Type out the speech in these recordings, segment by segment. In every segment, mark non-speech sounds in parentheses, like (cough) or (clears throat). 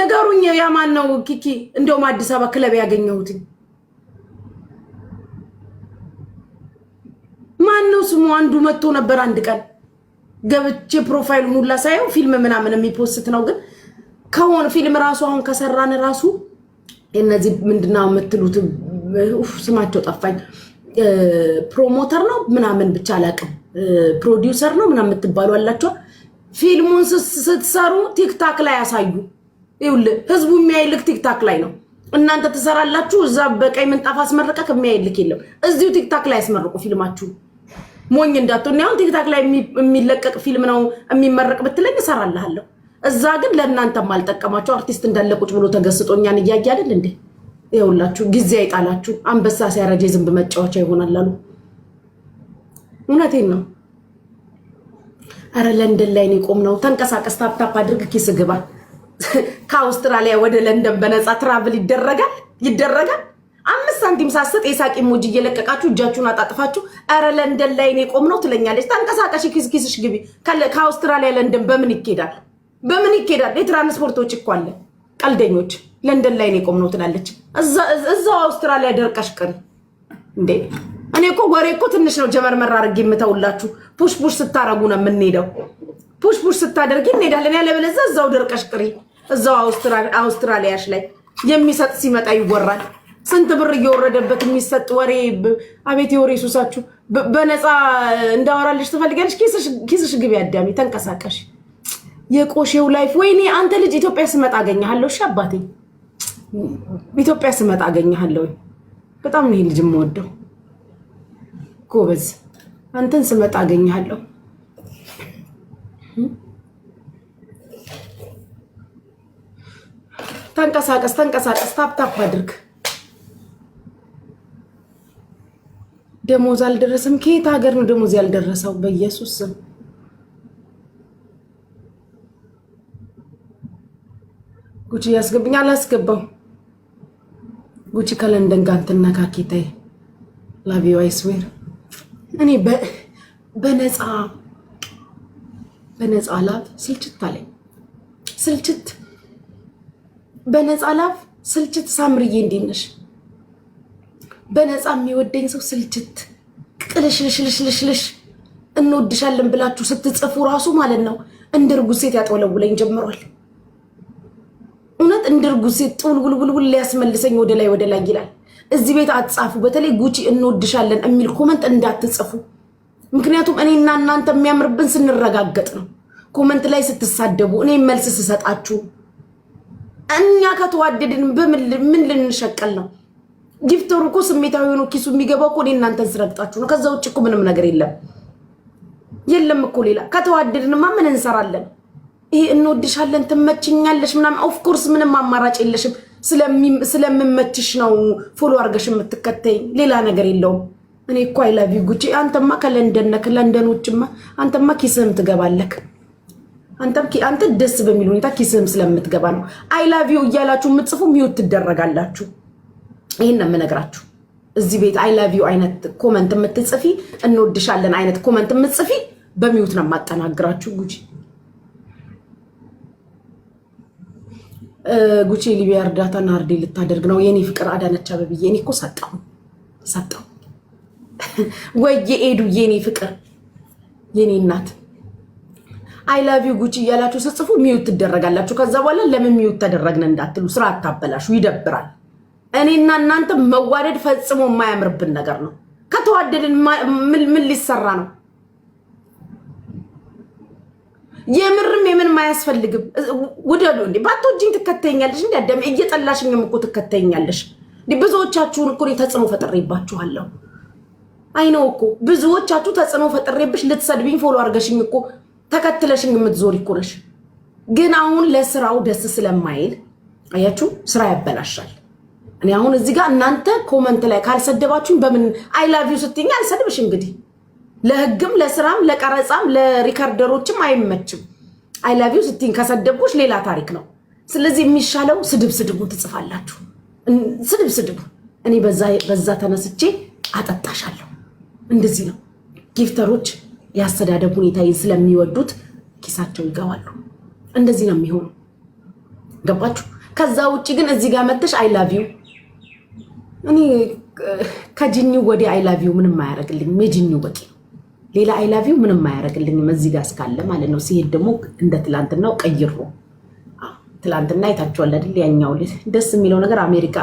ነገሩኝ። ያ ማን ነው ኪኪ? እንደውም አዲስ አበባ ክለብ ያገኘሁት ማን ነው ስሙ? አንዱ መጥቶ ነበር አንድ ቀን ገብቼ ፕሮፋይሉን ሁላ ሳየው ፊልም ምናምን የሚፖስት ነው። ግን ከሆነ ፊልም ራሱ አሁን ከሰራን ራሱ እነዚህ ምንድነው የምትሉት ስማቸው ጠፋኝ። ፕሮሞተር ነው ምናምን ብቻ አላውቅም፣ ፕሮዲውሰር ነው ምናምን የምትባሉ አላቸዋል። ፊልሙን ስትሰሩ ቲክታክ ላይ ያሳዩ። ይኸውልህ ህዝቡ የሚያይልክ ቲክታክ ላይ ነው። እናንተ ትሰራላችሁ እዛ በቀይ ምንጣፍ አስመርቀክ የሚያይልክ የለም። እዚሁ ቲክታክ ላይ ያስመርቁ ፊልማችሁ። ሞኝ እንዳትሆን። አሁን ቲክታክ ላይ የሚለቀቅ ፊልም ነው የሚመረቅ ብትለኝ እሰራልሃለሁ። እዛ ግን ለእናንተ ማልጠቀማቸው አርቲስት እንዳለ ቁጭ ብሎ ተገስጦ እኛን እያየ አይደል እንዴ? ይኸውላችሁ ጊዜ አይጣላችሁ። አንበሳ ሲያረጀ ዝንብ መጫወቻ ይሆናል አሉ። እውነቴን ነው። አረ ለንደን ላይ ነው የቆምነው። ተንቀሳቀስ፣ ታፕታፕ አድርግ፣ ኪስ ግባል ከአውስትራሊያ ወደ ለንደን በነፃ ትራቭል ይደረጋል ይደረጋል። አምስት ሳንቲም ሳሰጥ የሳቅ ሞጅ እየለቀቃችሁ እጃችሁን አጣጥፋችሁ ኧረ ለንደን ላይ ነው ትለኛለች። ተንቀሳቀሽ ኪስኪስሽ ግቢ። ከአውስትራሊያ ለንደን በምን ይኬዳል? በምን ይኬዳል? የትራንስፖርቶች ወጪ እኮ አለ። ቀልደኞች ለንደን ላይ ነው ትላለች። እዛው አውስትራሊያ ደርቀሽ ቅሪ እንዴ። እኔ እኮ ወሬ እኮ ትንሽ ነው ጀመርመር አድርጌ የምተውላችሁ። ፑሽ ፑሽ ስታረጉ ነው የምንሄደው ፑሽ ፑሽ ስታደርጊ እንሄዳለን። ያለበለዛ እዛው ደርቀሽ ቅሪ። እዛው አውስትራሊያሽ ላይ የሚሰጥ ሲመጣ ይወራል። ስንት ብር እየወረደበት የሚሰጥ ወሬ። አቤት የወሬ ሱሳችሁ። በነፃ እንዳወራልሽ ትፈልጊያለሽ? ኪስሽ ግቢ አዳሚ፣ ተንቀሳቀሽ። የቆሼው ላይፍ ወይኔ አንተ ልጅ ኢትዮጵያ ስመጣ አገኘሃለሁ። እሺ አባቴ ኢትዮጵያ ስመጣ አገኘሃለሁ። በጣም ነው ይሄ ልጅ የምወደው። ጎበዝ አንተን ስመጣ አገኘሃለሁ። ተንቀሳቀስ ተንቀሳቀስ፣ ታፕታፕ አድርግ። ደሞዝ አልደረሰም። ከየት ሀገር ነው ደሞዝ ያልደረሰው? በኢየሱስ ስም ጉቺ ያስገብኝ። አላስገባው ጉቺ ከለንደን ጋር ትነካኪታይ ላቪዋይስዌር እኔ በነፃ በነፃ ላፍ ስልችት አለኝ። ስልችት በነፃ ላፍ ስልችት። ሳምርዬ እንዴት ነሽ? በነፃ የሚወደኝ ሰው ስልችት ቅልሽልሽልሽልሽልሽ እንወድሻለን ብላችሁ ስትጽፉ ራሱ ማለት ነው እንደ እርጉዝ ሴት ያጠወለውለኝ ጀምሯል። እውነት እንደ እርጉዝ ሴት ጥውልውልውልውል ሊያስመልሰኝ ወደ ላይ ወደ ላይ ይላል። እዚህ ቤት አትጻፉ። በተለይ ጉቺ እንወድሻለን የሚል ኮመንት እንዳትጽፉ። ምክንያቱም እኔና እናንተ የሚያምርብን ስንረጋገጥ ነው። ኮመንት ላይ ስትሳደቡ እኔ መልስ ስሰጣችሁ እኛ ከተዋደድን ምን ልንሸቀል ነው? ጊፍተሩ እኮ ስሜታዊ ሆኖ ኪሱ የሚገባው እኮ እኔ እናንተን ስረግጣችሁ ነው። ከዛ ውጭ እኮ ምንም ነገር የለም የለም እኮ ሌላ። ከተዋደድንማ ምን እንሰራለን? ይሄ እንወድሻለን፣ ትመችኛለሽ ምናምን ኦፍኮርስ ምንም አማራጭ የለሽም። ስለምመችሽ ነው ፎሎ አርገሽ የምትከተይኝ ሌላ ነገር የለውም። እኔ እኮ አይላቪ ጉቺ። አንተማ ከለንደን ነክ ለንደን ውጭማ አንተማ ኪስህም ትገባለክ። አንተም አንተ ደስ በሚል ሁኔታ ኪስህም ስለምትገባ ነው አይላቪው እያላችሁ የምትጽፉ ሚውት ትደረጋላችሁ። ይህን ነው የምነግራችሁ። እዚህ ቤት አይላቪው አይነት ኮመንት የምትጽፊ እንወድሻለን አይነት ኮመንት የምትጽፊ በሚውት ነው የማጠናግራችሁ። ጉቺ ጉቺ ሊቢያ እርዳታና ናርዴ ልታደርግ ነው የኔ ፍቅር አዳነች አበብዬ። እኔ እኮ ሰጠሁ ሰጠሁ (laughs) ወየ ኤዱ የኔ ፍቅር የኔ እናት አይ ላቭ ዩ ጉቺ እያላችሁ ስጽፉ ሚዩት ትደረጋላችሁ። ከዛ በኋላ ለምን ሚዩት ተደረግን እንዳትሉ፣ ስራ አታበላሹ፣ ይደብራል። እኔና እናንተ መዋደድ ፈጽሞ የማያምርብን ነገር ነው። ከተዋደድን ምን ሊሰራ ነው? የምርም የምንም አያስፈልግም። ውደዱ እንዴ! ባትወጂኝ ትከተኛለሽ። እንዲ ደም እየጠላሽኝም እኮ ትከተኛለሽ። ብዙዎቻችሁን እኮ ተጽዕኖ ፈጥሬባችኋለሁ። አይነው እኮ ብዙዎቻችሁ ተጽዕኖ ፈጥሬብሽ ልትሰድብኝ ፎሎ አድርገሽኝ እኮ ተከትለሽኝ የምትዞሪ እኮ ነሽ። ግን አሁን ለስራው ደስ ስለማይል አያችሁ፣ ስራ ያበላሻል። እኔ አሁን እዚህ ጋር እናንተ ኮመንት ላይ ካልሰደባችሁኝ በምን አይ ላቭ ዩ ስትይኝ አልሰድብሽ። እንግዲህ ለህግም ለስራም ለቀረጻም ለሪከርደሮችም አይመችም። አይ ላቭ ዩ ስትይኝ ከሰደብኩሽ ሌላ ታሪክ ነው። ስለዚህ የሚሻለው ስድብ ስድቡን ትጽፋላችሁ። ስድብ ስድቡ እኔ በዛ ተነስቼ አጠጣሻለሁ። እንደዚህ ነው። ጊፍተሮች የአስተዳደብ ሁኔታዬን ስለሚወዱት ኪሳቸው ይገባሉ። እንደዚህ ነው የሚሆኑ ገባችሁ። ከዛ ውጭ ግን እዚህ ጋር መተሽ ዩ እኔ ከጅኒው ወዲህ ዩ ምንም አያደርግልኝም። የጅኒው በቂ ነው። ሌላ ዩ ምንም አያደርግልኝም። እዚህ ጋር እስካለ ማለት ነው። ሲሄድ ደግሞ እንደ ትላንትናው ቀይሮ ትላንትና አይታችኋል አይደል? ያኛው ደስ የሚለው ነገር አሜሪካ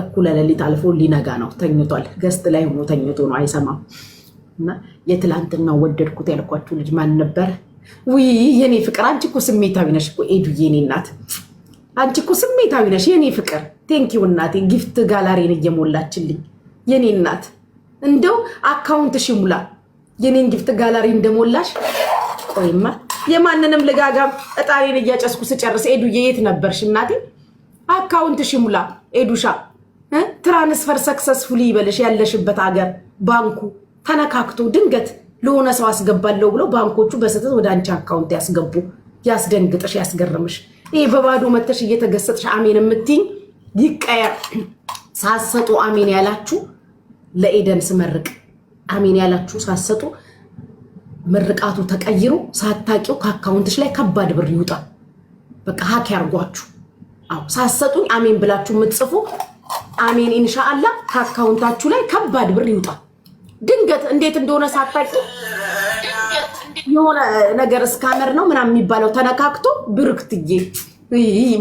እኩለ ሌሊት አልፎ ሊነጋ ነው። ተኝቷል። ገስት ላይ ሆኖ ተኝቶ ነው፣ አይሰማም። እና የትላንትና ወደድኩት ያልኳችሁ ልጅ ማን ነበር? ውይ የኔ ፍቅር፣ አንቺ እኮ ስሜታዊ ነሽ እኮ ኤዱ፣ የኔ እናት፣ አንቺ እኮ ስሜታዊ ነሽ የኔ ፍቅር። ቴንኪው እናቴ፣ ጊፍት ጋላሪን እየሞላችልኝ የኔ እናት። እንደው አካውንት ይሙላ የኔን ጊፍት ጋላሪ እንደሞላሽ። ቆይማ የማንንም ልጋጋም እጣሬን እያጨስኩ ስጨርስ ኤዱዬ የት ነበርሽ እናቴ? አካውንት ሙላ ኤዱሻ ትራንስፈር ሰክሰስፉሊ ይበልሽ ያለሽበት ሀገር ባንኩ ተነካክቶ ድንገት ለሆነ ሰው አስገባለሁ ብለው ባንኮቹ በስህተት ወደ አንቺ አካውንት ያስገቡ። ያስደንግጥሽ፣ ያስገርምሽ። ይህ በባዶ መተሽ እየተገሰጥሽ አሜን የምትይኝ ይቀየር። ሳሰጡ አሜን ያላችሁ ለኤደን ስመርቅ አሜን ያላችሁ ሳሰጡ ምርቃቱ ተቀይሮ ሳታቂው ከአካውንትሽ ላይ ከባድ ብር ይውጣ። በቃ ሀክ ያርጓችሁ። ሳሰጡኝ አሜን ብላችሁ የምትጽፉ አሜን ኢንሻአላ ከአካውንታችሁ ላይ ከባድ ብር ይውጣ። ድንገት እንዴት እንደሆነ ሳታቂ የሆነ ነገር እስካመር ነው ምናምን የሚባለው ተነካክቶ ብሩክትዬ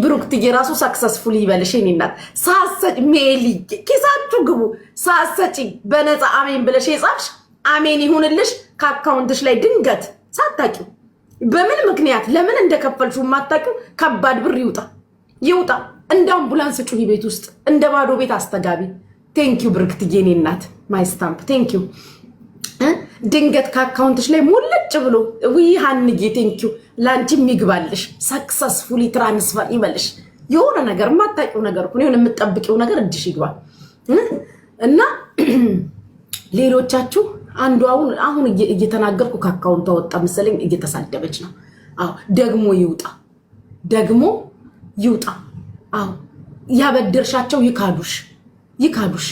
ብሩክትዬ ራሱ ሰክሰስፉል ይበልሽ የእኔ እናት ሳሰጭ ሜሊ ኪሳችሁ ግቡ ሳሰጪ በነፃ አሜን ብለሽ የጻፍሽ አሜን ይሁንልሽ ከአካውንትሽ ላይ ድንገት ሳታቂው በምን ምክንያት ለምን እንደከፈልሽው ማታቂ ከባድ ብር ይውጣ። ይውጣ። እንደ አምቡላንስ ጩኒ ቤት ውስጥ እንደ ባዶ ቤት አስተጋቢ። ቴንኪው ብርክትዬ፣ የኔ እናት ማይ ማይስታምፕ ቴንኪው። ድንገት ከአካውንትሽ ላይ ሞለጭ ብሎ ውይ ሀንጌ ቴንኪው፣ ለአንቺ የሚግባልሽ ሰክሰስፉሊ ትራንስፈር ይበልሽ። የሆነ ነገር የማታውቂው ነገር እኮ የምጠብቂው ነገር እድሽ ይግባል። እና (clears throat) ሌሎቻችሁ አንዱ አሁን አሁን እየተናገርኩ ከአካውንቷ ወጣ መሰለኝ እየተሳደበች ነው። አዎ ደግሞ ይውጣ ደግሞ ይውጣ። አዎ ያበደርሻቸው ይካዱሽ፣ ይካዱሽ፣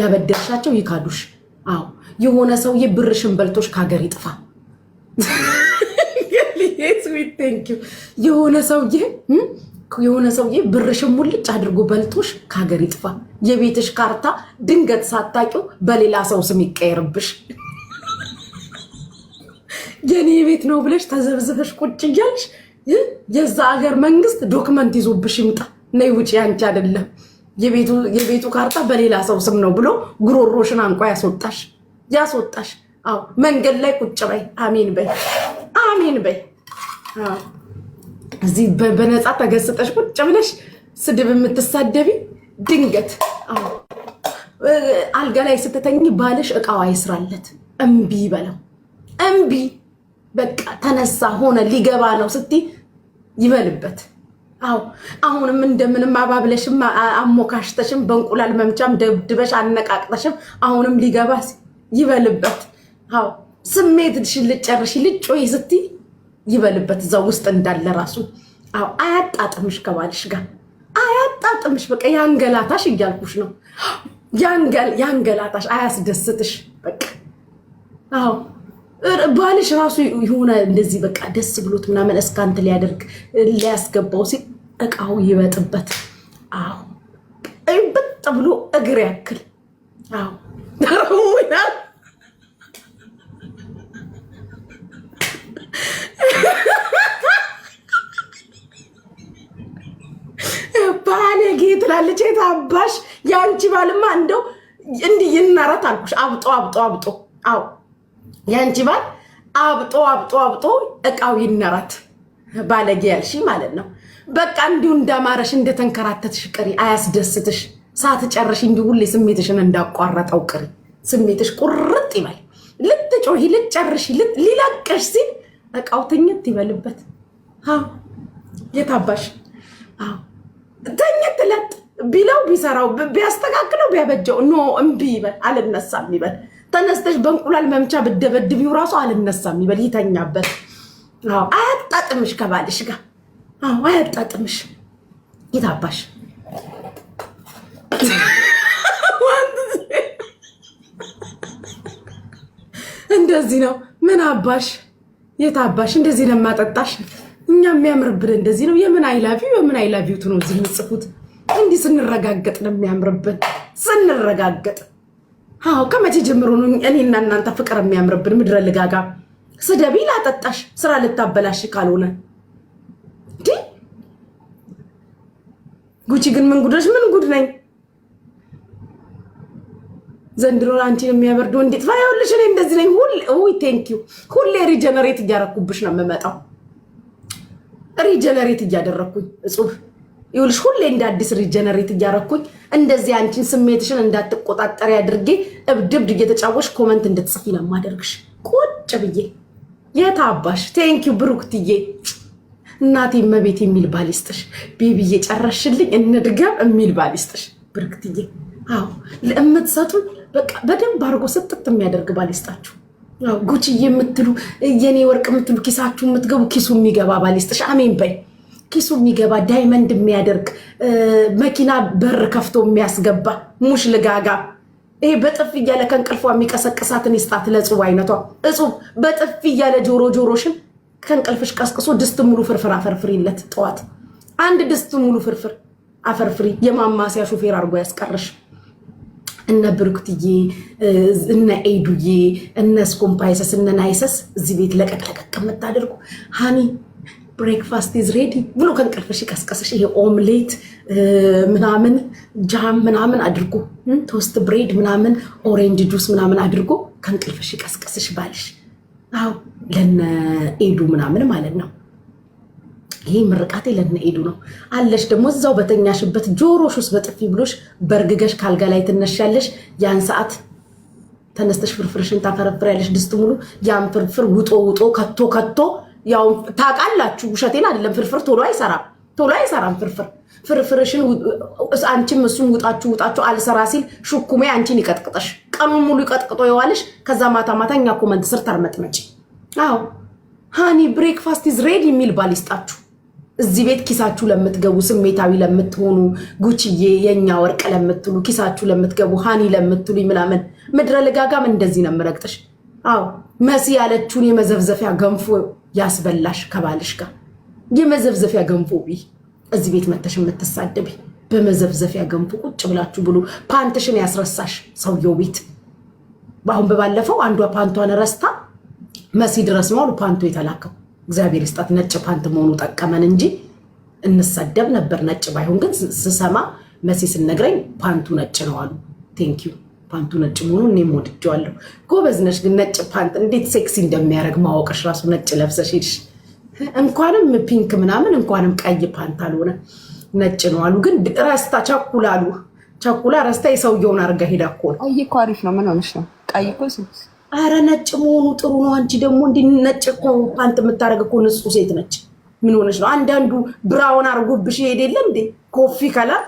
ያበደርሻቸው ይካዱሽ። አዎ የሆነ ሰውዬ ብርሽን በልቶሽ ከሀገር ይጥፋ። የሆነ ሰውዬ የሆነ ሰውዬ ብርሽን ሙልጭ አድርጎ በልቶሽ ከሀገር ይጥፋ። የቤትሽ ካርታ ድንገት ሳታቂው በሌላ ሰው ስም ይቀየርብሽ። የኔ ቤት ነው ብለሽ ተዘብዝበሽ ቁጭ እያልሽ የዛ ሀገር መንግስት ዶክመንት ይዞብሽ ይምጣ። ነይ ውጭ አንቺ አይደለም የቤቱ ካርታ በሌላ ሰው ስም ነው ብሎ ጉሮሮሽን አንቋ ያስወጣሽ ያስወጣሽ። አዎ መንገድ ላይ ቁጭ በይ፣ አሜን በይ፣ አሜን በይ። እዚህ በነፃ ተገስጠሽ ቁጭ ብለሽ ስድብ የምትሳደቢ ድንገት አልጋ ላይ ስትተኝ ባልሽ እቃዋ አይስራለት እምቢ በለው እምቢ በቃ ተነሳ ሆነ ሊገባ ነው ስትይ ይበልበት። አዎ አሁንም እንደምንም አባብለሽም አሞካሽተሽም በእንቁላል መምቻም ደብድበሽ አነቃቅተሽም አሁንም ሊገባ ይበልበት። አዎ ስሜትሽን ልጨርሽ ልጮይ ስትይ ይበልበት እዛ ውስጥ እንዳለ ራሱ። አዎ አያጣጥምሽ፣ ከባልሽ ጋር አያጣጥምሽ። በቃ ያንገላታሽ እያልኩሽ ነው። ያንገላታሽ፣ አያስደስትሽ በቃ አዎ ባልሽ ራሱ የሆነ እንደዚህ በቃ ደስ ብሎት ምናምን እስካንት ሊያደርግ ሊያስገባው ሲል እቃው ይበጥበት። አዎ ይበጥ ብሎ እግር ያክል። አዎ ባለጌ ትላለች። የታባሽ የአንቺ ባልማ እንደው እንዲህ ይናረት አልኩሽ። አብጦ አብጦ አብጦ አዎ የአንቺ ባል አብጦ አብጦ አብጦ እቃው ይነረት ባለጌ ያልሽ ማለት ነው። በቃ እንዲሁ እንዳማረሽ እንደተንከራተትሽ ቅሪ። አያስደስትሽ ሳትጨርሽ እንዲሁ ሁሌ ስሜትሽን እንዳቋረጠው ቅሪ። ስሜትሽ ቁርጥ ይበል። ልትጮሂ ልትጨርሽ ሊለቅሽ ሲል እቃው ትኝት ይበልበት። የታባሽ ተኝት ለጥ ቢለው ቢሰራው ቢያስተካክለው ቢያበጀው ኖ እምቢ ይበል። አልነሳም ይበል። ተነስተሽ በእንቁላል መምቻ ብደበድቢው ራሱ አልነሳም ይበል ይተኛበት። አያጣጥምሽ ከባልሽ ጋር አያጣጥምሽ። ይታባሽ እንደዚህ ነው። ምን አባሽ የታባሽ እንደዚህ ነው የማጠጣሽ። እኛ የሚያምርብን እንደዚህ ነው። የምን አይላቪው የምን አይላቪው ነው እዚህ የምጽፉት። እንዲህ ስንረጋገጥ ነው የሚያምርብን ስንረጋገጥ አዎ ከመቼ ጀምሮ ነው እኔና እናንተ ፍቅር የሚያምርብን? ምድረ ልጋጋ ስደቢ ላጠጣሽ ስራ ልታበላሽ ካልሆነ እንዲህ ጉቺ ግን ምን ጉዶች ምን ጉድ ነኝ ዘንድሮ አንቺን የሚያበርድ እንዴት ባይሆንልሽ እኔ እንደዚህ ነኝ። ሁሌ ቴንክ ዩ ሁሌ ሪጀነሬት እያረኩብሽ ነው የምመጣው ሪጀነሬት እያደረኩኝ እጹብ ይኸውልሽ ሁሌ እንደ አዲስ ሪጀነሬት እያረኩኝ እንደዚህ አንቺን ስሜትሽን እንዳትቆጣጠሪ አድርጌ እብድብድ እየተጫወሽ ኮመንት እንድትጽፊ ነው የማደርግሽ። ቁጭ ብዬ የታባሽ። ቴንኪው ብሩክትዬ፣ እናቴ መቤት የሚል ባሊስጥሽ ቤቢዬ፣ ጨረሽልኝ እንድገም የሚል ባሊስጥሽ ብሩክትዬ። አዎ ለእምትሰጡን በደንብ አድርጎ ስጥጥ የሚያደርግ ባሊስጣችሁ ጉቺዬ የምትሉ የኔ ወርቅ የምትሉ ኪሳችሁ የምትገቡ ኪሱ የሚገባ ባሊስጥሽ። አሜን በይ። ኪሱ የሚገባ ዳይመንድ የሚያደርግ መኪና በር ከፍቶ የሚያስገባ ሙሽ ልጋጋ ይሄ በጥፍ እያለ ከእንቅልፏ የሚቀሰቅሳትን ይስጣት ለእጹብ አይነቷ። እጹብ በጥፍ እያለ ጆሮ ጆሮሽን ከእንቅልፍሽ ቀስቅሶ ድስት ሙሉ ፍርፍር አፈርፍሪለት። ጠዋት አንድ ድስት ሙሉ ፍርፍር አፈርፍሪ። የማማሲያ ሹፌር አድርጎ ያስቀርሽ። እነ ብርክትዬ፣ እነ ኤዱዬ፣ እነ ስኮምፓይሰስ፣ እነ ናይሰስ እዚህ ቤት ለቀቅለቀቅ የምታደርጉ ሃኒ ብሬክፋስት ኢዝ ሬዲ ብሎ ከእንቅልፍሽ ይቀስቀስሽ። ይሄ ኦምሌት ምናምን ጃም ምናምን አድርጎ ቶስት ብሬድ ምናምን ኦሬንጅ ጁስ ምናምን አድርጎ ከእንቅልፍሽ ይቀስቀስሽ ባልሽ። አዎ ለነ ኤዱ ምናምን ማለት ነው። ይሄ ምርቃቴ ለነ ኤዱ ነው አለሽ። ደግሞ እዛው በተኛሽበት ጆሮሽ ውስጥ በጥፊ ብሎሽ በርግገሽ ካልጋ ላይ ትነሻለሽ። ያን ሰዓት ተነስተሽ ፍርፍርሽን ታፈረፍሪያለሽ። ድስት ሙሉ ያን ፍርፍር ውጦ ውጦ ከቶ ከቶ ያው ታውቃላችሁ፣ ውሸቴን አይደለም። ፍርፍር ቶሎ አይሰራም፣ ቶሎ አይሰራም ፍርፍር ፍርፍርሽን አንቺም እሱም ውጣችሁ ውጣችሁ አልሰራ ሲል ሹኩሜ አንቺን ይቀጥቅጠሽ፣ ቀኑን ሙሉ ይቀጥቅጦ የዋልሽ ከዛ ማታ ማታ እኛ ኮመንት ስር ተርመጥመጪ። አዎ ሃኒ ብሬክፋስት ኢዝ ሬድ የሚል ባል ይስጣችሁ። እዚህ ቤት ኪሳችሁ ለምትገቡ ስሜታዊ ለምትሆኑ ጉችዬ የእኛ ወርቅ ለምትሉ ኪሳችሁ ለምትገቡ ሃኒ ለምትሉ ምናምን ምድረ ልጋጋም እንደዚህ ነው የምረግጥሽ። አዎ መሲ ያለችውን የመዘፍዘፊያ ገንፎ ያስበላሽ ከባልሽ ጋር የመዘብዘፊያ ገንፎ ቢ እዚህ ቤት መተሽ የምትሳደቢ በመዘብዘፊያ ገንፎ ቁጭ ብላችሁ ብሎ ፓንትሽን ያስረሳሽ ሰውየው ቤት በአሁን በባለፈው አንዷ ፓንቷን ረስታ መሲ ድረስ መሆኑ አሉ ፓንቱ የተላከው። እግዚአብሔር ይስጣት ነጭ ፓንት መሆኑ ጠቀመን እንጂ እንሰደብ ነበር። ነጭ ባይሆን ግን ስሰማ መሲ ስነግረኝ ፓንቱ ነጭ ነው አሉ። ቴንኪዩ ፓንቱ ነጭ መሆኑ እኔም ወድጀዋለሁ። ጎበዝ ነሽ ግን ነጭ ፓንት እንዴት ሴክሲ እንደሚያደርግ ማወቅሽ ራሱ ነጭ ለብሰሽ ሄድሽ። እንኳንም ፒንክ ምናምን እንኳንም ቀይ ፓንት አልሆነ ነጭ ነው አሉ። ግን ረስታ ቸኩላ አሉ ቸኩላ ረስታ የሰውየውን አድርጋ ሄዳ እኮ ነው። ቀይ እኮ አሪፍ ነው። ምን ሆነሽ ነው? ቀይ እኮ አረ ነጭ መሆኑ ጥሩ ነው። አንቺ ደግሞ እንዲ ነጭ እኮ ፓንት የምታደርግ እኮ ንጹህ ሴት ነች። ምን ሆነች ነው? አንዳንዱ ብራውን አርጎብሽ ይሄድ የለ እንዴ ኮፊ ከላል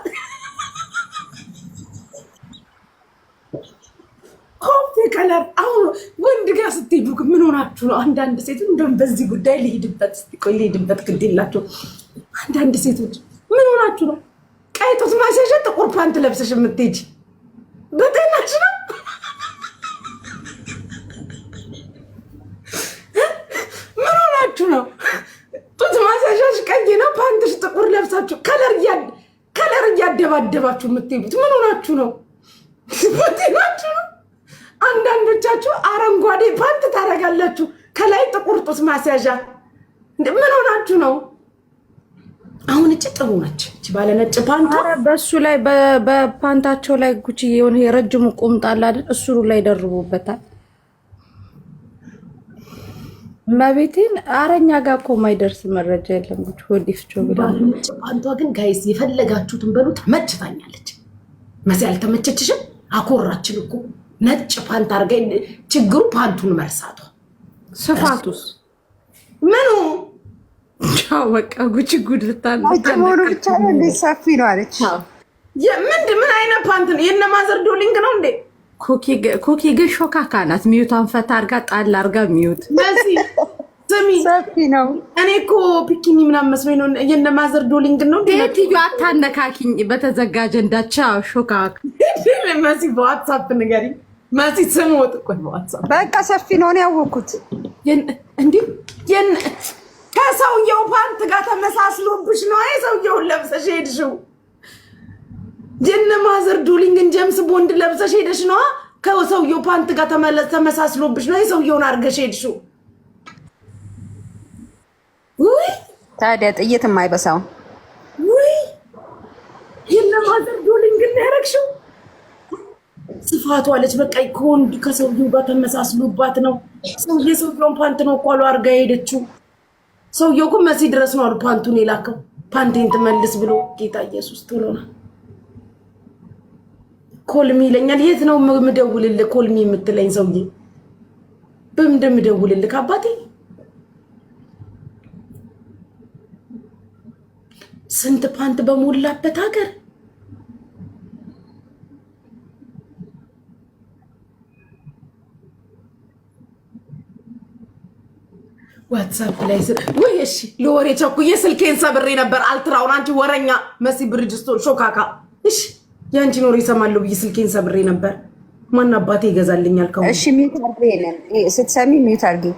ኮፍ ከለር አሁን ወንድ ጋር ስትሄዱ ምን ሆናችሁ ነው? አንዳንድ ሴቶች እንደውም በዚህ ጉዳይ ልሄድበት ቆይ ልሄድበት ግድ የላቸው። አንዳንድ ሴቶች ምን ሆናችሁ ነው? ቀይ ጡት ማስያዣ ጥቁር ፓንት ለብሰሽ የምትሄጂ በጤናች ነው? ምን ሆናችሁ ነው? ጡት ማስያዣሽ ቀይ ነው፣ ፓንትሽ ጥቁር ለብሳችሁ ከለር እያደባደባችሁ የምትሄዱት ምን ሆናችሁ ነው? በጤናችሁ ነው? አንዳንዶቻችሁ አረንጓዴ ፓንት ታደርጋላችሁ፣ ከላይ ጥቁር ጡት ማስያዣ። ምን ሆናችሁ ነው? አሁን እጭ ጥሩ ነች እ ባለ ነጭ ፓንት በእሱ ላይ በፓንታቸው ላይ ጉቺ የሆነ የረጅሙ ቁምጣ አለ አይደል? እሱ ላይ ደርቡበታል። መቤቴን አረኛ ጋር እኮ ማይደርስ መረጃ የለም። ጉቺ ወዲፍቾ ባለነጭ ፓንቷ ግን ጋይስ የፈለጋችሁትን በሉ ተመችታኛለች። መዚ አልተመቸችሽም? አኮራችን እኮ ነጭ ፓንት አድርገ ችግሩ ፓንቱን መርሳቷ። ስፋቱስ ምኑ በቃ ጉቺ ጉድ ልታልሆኑ ብቻ ነው ሰፊ ነው አለች። ምንድ ምን አይነት ፓንት ነው? የእነ ማዘር ዶሊንግ ነው እንዴ? ኮኪ ግን ሾካካ ናት። ሚዩቷን ፈታ አርጋ ጣል አርጋ ሚዩት ስሚ ሰፊ ነው። እኔ እኮ ፒኪኒ ምናምን መስሎኝ ነው። የእነ ማዘር ዶሊንግ ነው ቤትዮ። አታነካኪኝ በተዘጋ አጀንዳ ቻው። (laughs) መሲ በዋትሳፕ ንገሪኝ። መሲ ስም ወጥ በቃ ሰፊ ነው ያወኩት። እንዲህ ከሰውየው ፓንት ጋር ተመሳስሎብሽ ነው ሰውየውን ለብሰሽ ሄድሽው። የእነ ማዘር ዱሊንግን ጀምስ ቦንድ ለብሰሽ ሄደሽ ነዋ። ከሰውየው ፓንት ጋር ተመሳስሎብሽ ነው የሰውየውን አድርገሽ ሄድሽው። ታዲያ ጥይት የማይበሳውን ውይ የእነ ማዘር ዱሊንግን ያረግሽው ስፋቷ አለች። በቃ ከወንድ ከሰውየው ጋር ተመሳስሉባት ነው። ሰውዬ ሰውዬውን ፓንት ነው እኮ አርጋ አድርጋ የሄደችው። ሰውየው ግን መሲ ድረስ ነው አሉ ፓንቱን የላከው። ፓንቴን ትመልስ ብሎ ጌታ ኢየሱስ ትሎና ኮልሚ ይለኛል። የት ነው ምደውልልህ? ኮልሚ የምትለኝ ሰውዬ በምንድ ምደውልልህ? አባቴ ስንት ፓንት በሞላበት ሀገር ዋትሳፕ ላይ ወይ እሺ፣ ለወሬ ቸኩዬ ስልኬን ሰብሬ ነበር። አልትራውን አንቺ ወረኛ መሲ ብርጅስቶን ሾካካ። እሺ፣ የአንቺን ወሬ ይሰማለሁ ብዬ ስልኬን ሰብሬ ነበር። ማን አባቴ ይገዛልኛል? ከሆነ እሺ፣ ሚዩት አድርጊ። ስትሰሚ ሚዩት አድርጊ።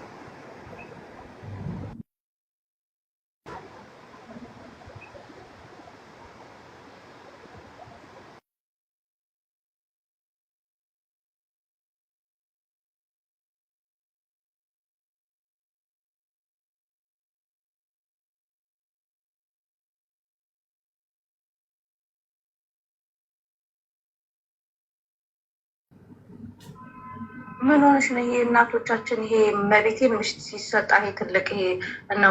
ምን ሆነሽ ነው? ይሄ እናቶቻችን ይሄ መቤቴ ምሽት ሲሰጣ ይሄ ትልቅ ይሄ እነ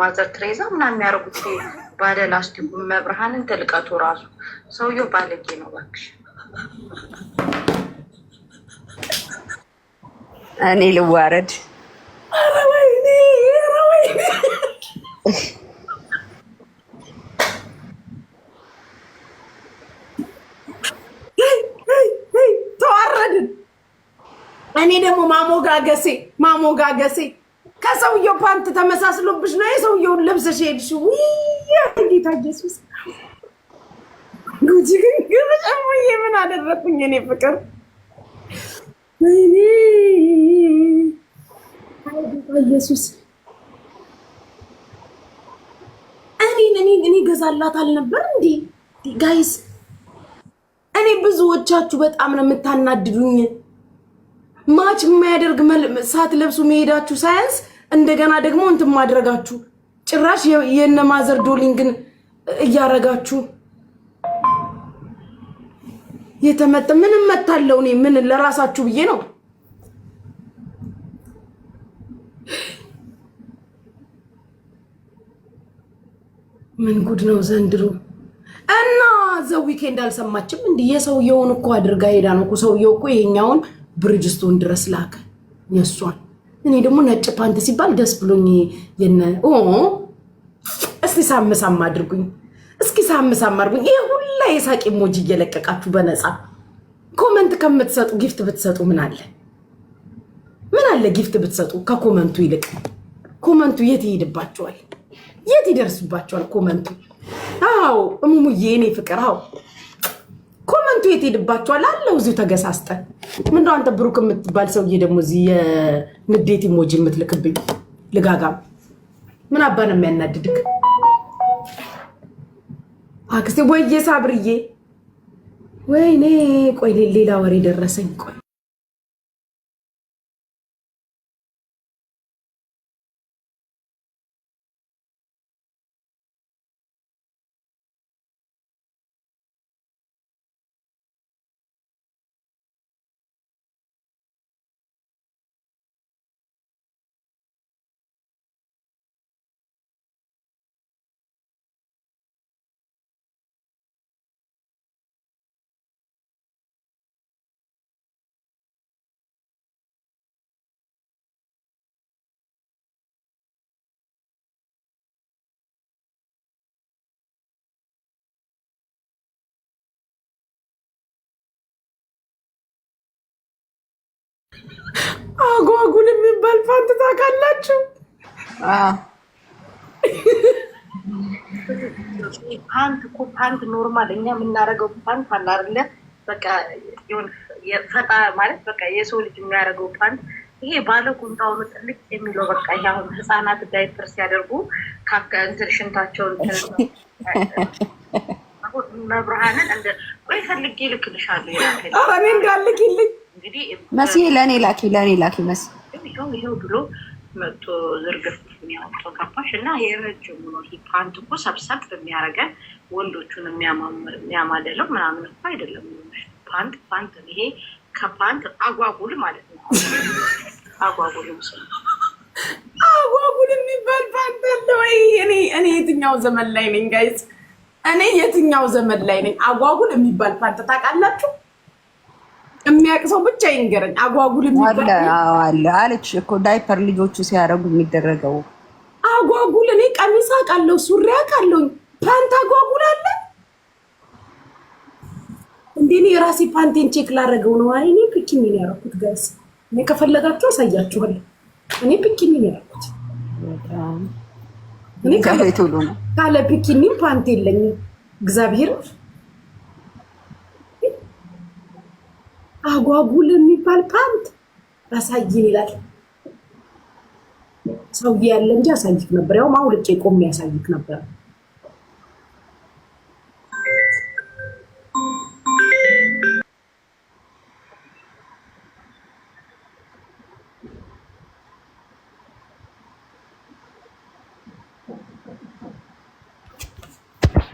ማዘር ትሬዛ ምና የሚያደርጉት ባለ ላስቲኩ መብርሃንን ትልቀቱ ራሱ ሰውየው ባለጌ ነው። እባክሽ እኔ ልዋረድ። ኧረ ወይኔ! ኧረ ወይኔ! እኔ ደግሞ ማሞጋገሴ ማሞጋገሴ ከሰውየው ፓንት ተመሳስሎብሽ ነው የሰውየውን ልብስሽ ሄድሽ ጌታ ኢየሱስ ግብጨሙዬ ምን አደረኩኝ እኔ ፍቅር ጌታ ኢየሱስ እኔ ገዛላት አልነበር እንዴ ጋይስ እኔ ብዙዎቻችሁ በጣም ነው የምታናድዱኝ ማች የሚያደርግ ሰዓት ለብሱ መሄዳችሁ ሳያንስ እንደገና ደግሞ እንትን ማድረጋችሁ ጭራሽ የነ ማዘር ዶሊንግን እያረጋችሁ የተመጠ ምን መታለው? እኔ ምን ለራሳችሁ ብዬ ነው። ምን ጉድ ነው ዘንድሮ። እና ዘዊኬ እንዳልሰማችም እንዲህ የሰውየውን እኮ አድርጋ ሄዳ ነው። ሰውየው እኮ ይሄኛውን ብርጅስቶን ድረስ ላከ የእሷን። እኔ ደግሞ ነጭ ፓንት ሲባል ደስ ብሎኝ የነ እስቲ ሳም ሳም አድርጉኝ፣ እስኪ ሳም ሳም አድርጉኝ። ይህ ሁላ የሳቂ ሞጅ እየለቀቃችሁ በነፃ ኮመንት ከምትሰጡ ጊፍት ብትሰጡ ምን አለ? ምን አለ ጊፍት ብትሰጡ ከኮመንቱ ይልቅ ኮመንቱ የት ይሄድባቸዋል? የት ይደርስባቸዋል ኮመንቱ? አዎ እሙሙዬ እኔ ፍቅር አዎ ኮመንቱ የት ሄድባቸዋል አለው እዚሁ ተገሳስጠን። ምነው አንተ ብሩክ የምትባል ሰውዬ ደግሞ እዚህ የንዴት ኢሞጂ የምትልክብኝ ልጋጋም፣ ምን አባ ነው የሚያናድድክ? አክስቴ ወይዬ፣ ሳብርዬ፣ ወይኔ፣ ቆይ ሌላ ወሬ ደረሰኝ። አጓጉል የሚባል ፓንት ታውቃላችሁ? ፓንት እኮ ፓንት ኖርማል እኛ የምናደርገው ፓንት አለ አይደለ? በቃ ፈጣ ማለት በቃ የሰው ልጅ የሚያደርገው ፓንት ይሄ ባለ ቁምጣው ነው ጥልቅ የሚለው በቃ ይሄ አሁን ህፃናት ዳይፐር ሲያደርጉ እንትን ሽንታቸውን መብርሃንን እንደ ቆይ ፈልጌ ልክልሻለሁ። ኧረ እኔ እንዳልክልኝ እንግዲህ መሲ ለእኔ ላኪ ለእኔ ላኪ መሲ ይኸው ብሎ መጥቶ ዝርግፍ የሚያወጣው ገባሽ እና የረጅሙ ሆኖ ፓንት እኮ ሰብሰብ የሚያደርገን ወንዶቹን የሚያማደለው ምናምን እኮ አይደለም። ፓንት ፓንት ይሄ ከፓንት አጓጉል ማለት ነው። አጓጉል ምስል አጓጉል የሚባል ፓንት አለ ወይ? እኔ የትኛው ዘመን ላይ ነኝ ጋይዝ? እኔ የትኛው ዘመን ላይ ነኝ? አጓጉል የሚባል ፓንት ታውቃላችሁ? የሚያውቅ ሰው ብቻ ይንገረኝ። አጓጉል አለ አለች እኮ ዳይፐር ልጆቹ ሲያደርጉ የሚደረገው አጓጉል። እኔ ቀሚስ አውቃለሁ፣ ሱሪ አውቃለሁ። ፓንት አጓጉል አለ እንዴ? እኔ የራሴ ፓንቴን ቼክ ላደረገው ነው። አይ እኔ ፒኪኒ ነው ያደረኩት። ጋይስ እኔ ከፈለጋችሁ አሳያችኋለሁ። እኔ ፒኪኒ ነው ያደረኩት። እኔ ካለ ፒኪኒ ፓንት የለኝም እግዚአብሔር አጓጉል የሚባል ፓንት አሳይን ይላል ሰውዬ ያለ እንጂ አሳይክ ነበር። ያውም አውልቄ ቆሜ ያሳይክ ነበር።